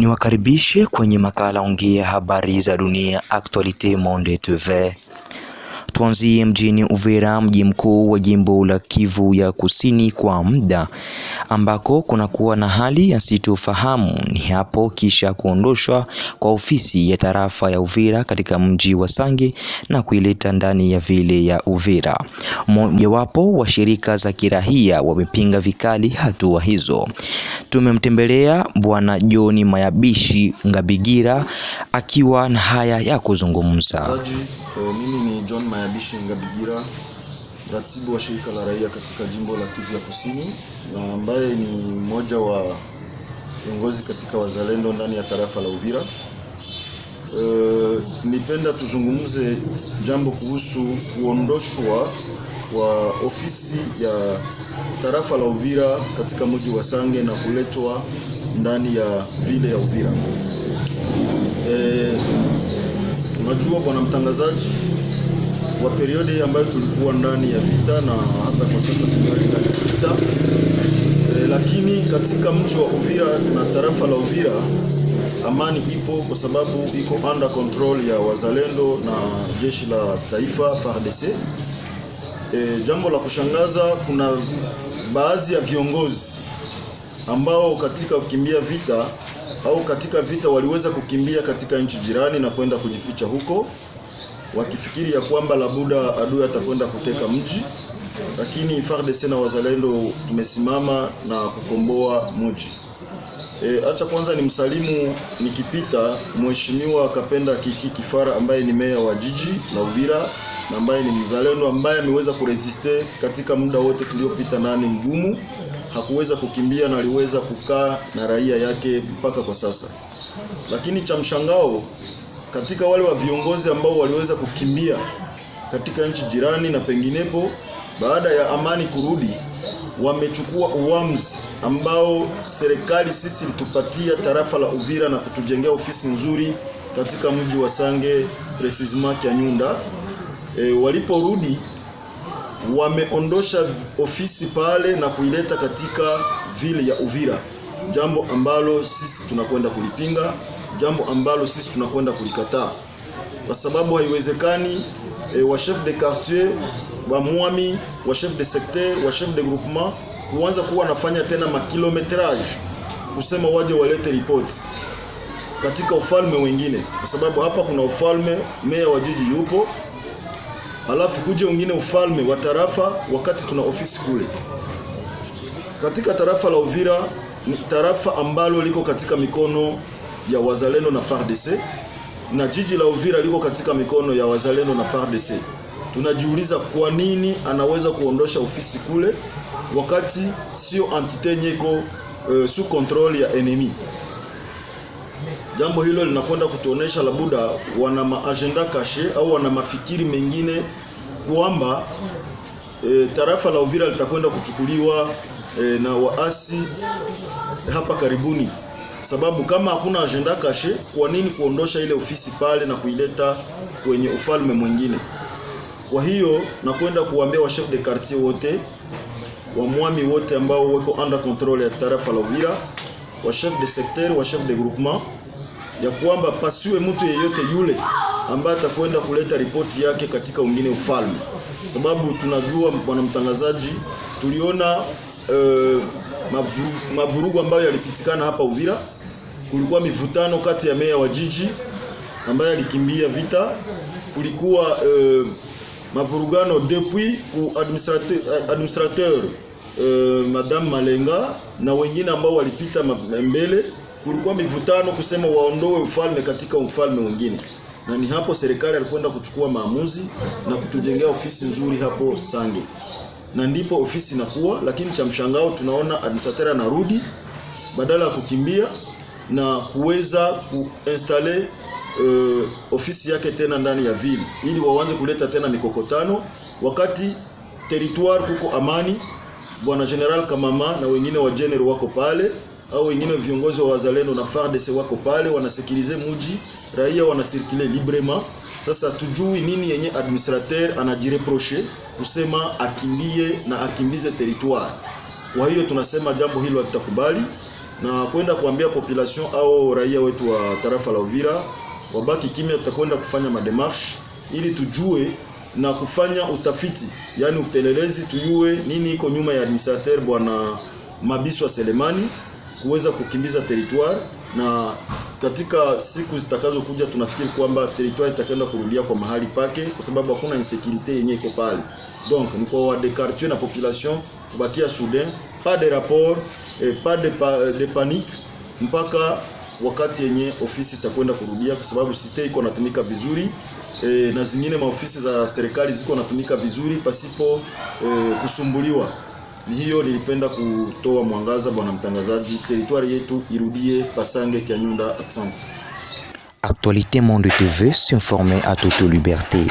Niwakaribishe kwenye makala ongea habari za dunia Actualite Monde TV tuanzie mjini Uvira, mji mkuu wa jimbo la Kivu ya Kusini kwa muda, ambako kunakuwa na hali ya sitofahamu. Ni hapo kisha kuondoshwa kwa ofisi ya tarafa ya Uvira katika mji wa Sange na kuileta ndani ya vile ya Uvira. Mmojawapo wa shirika za kirahia wamepinga vikali hatua hizo. Tumemtembelea Bwana John Mayabishi Ngabigira akiwa na haya ya kuzungumza. Eh, mimi ni John Mayabishi Kabishi Ngabigira, ratibu wa shirika la raia katika jimbo la Kivu ya Kusini na ambaye ni mmoja wa viongozi katika wazalendo ndani ya tarafa la Uvira. E, nipenda tuzungumze jambo kuhusu kuondoshwa wa ofisi ya tarafa la Uvira katika mji wa Sange na kuletwa ndani ya vile ya Uvira. E, unajua, bwana mtangazaji wa periodi ambayo tulikuwa ndani ya vita na hata kwa sasa tungali ndani ya vita e, lakini katika mji wa Uvira na tarafa la Uvira amani ipo kwa sababu iko under control ya wazalendo na jeshi la taifa FARDC. E, eh, jambo la kushangaza kuna baadhi ya viongozi ambao katika kukimbia vita au katika vita waliweza kukimbia katika nchi jirani na kwenda kujificha huko wakifikiri ya kwamba labuda adui atakwenda kuteka mji, lakini FARDC na wazalendo tumesimama na kukomboa mji. E, acha kwanza ni msalimu nikipita mheshimiwa Kapenda Kiki Kifara ambaye ni meya wa jiji la Uvira na ambaye ni mzalendo ambaye ameweza kuresiste katika muda wote tuliopita nani mgumu, hakuweza kukimbia na aliweza kukaa na raia yake mpaka kwa sasa, lakini cha mshangao katika wale wa viongozi ambao waliweza kukimbia katika nchi jirani na penginepo, baada ya amani kurudi, wamechukua uamuzi ambao serikali sisi ilitupatia tarafa la Uvira na kutujengea ofisi nzuri katika mji wa Sange precisement Kyanyunda. E, waliporudi wameondosha ofisi pale na kuileta katika vile ya Uvira jambo ambalo sisi tunakwenda kulipinga, jambo ambalo sisi tunakwenda kulikataa, kwa sababu haiwezekani e, wa chef de quartier wa mwami wa chef de secteur wa chef de groupement kuanza kuwa anafanya tena makilometrage kusema waje walete ripoti katika ufalme wengine, kwa sababu hapa kuna ufalme, meya wa jiji yupo, alafu kuje wengine ufalme wa tarafa, wakati tuna ofisi kule katika tarafa la Uvira tarafa ambalo liko katika mikono ya wazalendo na FARDC na jiji la Uvira liko katika mikono ya wazalendo na FARDC. Tunajiuliza kwa nini anaweza kuondosha ofisi kule wakati sio entite nyeko uh, sous control ya enemi. Jambo hilo linakwenda kutuonesha labuda wana maagenda kashe au wana mafikiri mengine kwamba e, tarafa la Uvira litakwenda kuchukuliwa e, na waasi hapa karibuni, sababu kama hakuna agenda kashe, kwa nini kuondosha ile ofisi pale na kuileta kwenye ufalme mwingine? Kwa hiyo nakwenda kuambia wa chef de quartier wote wamwami wote ambao weko under control ya tarafa la Uvira, wa chef de secteur, wa chef de groupement, ya kwamba pasiwe mtu yeyote yule ambaye atakwenda kuleta ripoti yake katika wengine ufalme, sababu tunajua bwana mtangazaji, tuliona e, mavurugu ambayo yalipitikana hapa Uvira. Kulikuwa mivutano kati ya meya wa jiji ambaye alikimbia vita, kulikuwa e, mavurugano depuis ku administrateur, administrateur eh, e, Madame Malenga na wengine ambao walipita mbele, kulikuwa mivutano kusema waondoe ufalme katika ufalme wengine na ni hapo serikali alikwenda kuchukua maamuzi na kutujengea ofisi nzuri hapo Sange, na ndipo ofisi inakuwa. Lakini cha mshangao tunaona administrateur anarudi badala ya kukimbia na kuweza kuinstale uh, eh, ofisi yake tena ndani ya vile, ili waanze kuleta tena mikokotano, wakati territoire kuko amani. Bwana General Kamama na wengine wa general wako pale au wengine viongozi wa wazalendo na FARDC wako pale wanasikilize muji, raia wanasirkule librema. Sasa tujui nini yenye administrateur anajireproche kusema akimbie na akimbize territoire. Kwa hiyo tunasema jambo hilo hatutakubali na kwenda kuambia population au raia wetu wa tarafa la Uvira wabaki kimya. Tutakwenda kufanya mademarche ili tujue na kufanya utafiti, yani upelelezi, tujue nini iko nyuma ya administrateur bwana Mabiswa Selemani kuweza kukimbiza teritwari, na katika siku zitakazokuja tunafikiri kwamba teritwari itakwenda kurudia kwa mahali pake, kwa sababu hakuna insekurite yenye iko pale. Donc ni kwa wadekartue na population kubakia soudain, pas de rapport eh, pas de, pa, eh, de panique mpaka wakati yenye ofisi itakwenda kurudia, kwa sababu site iko natumika vizuri eh, na zingine maofisi za serikali ziko natumika vizuri pasipo eh, kusumbuliwa. hiyo nilipenda kutoa mwangaza, bwana mtangazaji. Teritwari yetu irudie Pasange Kanyunda. Asante. Actualité Monde TV, s'informer à toute liberté.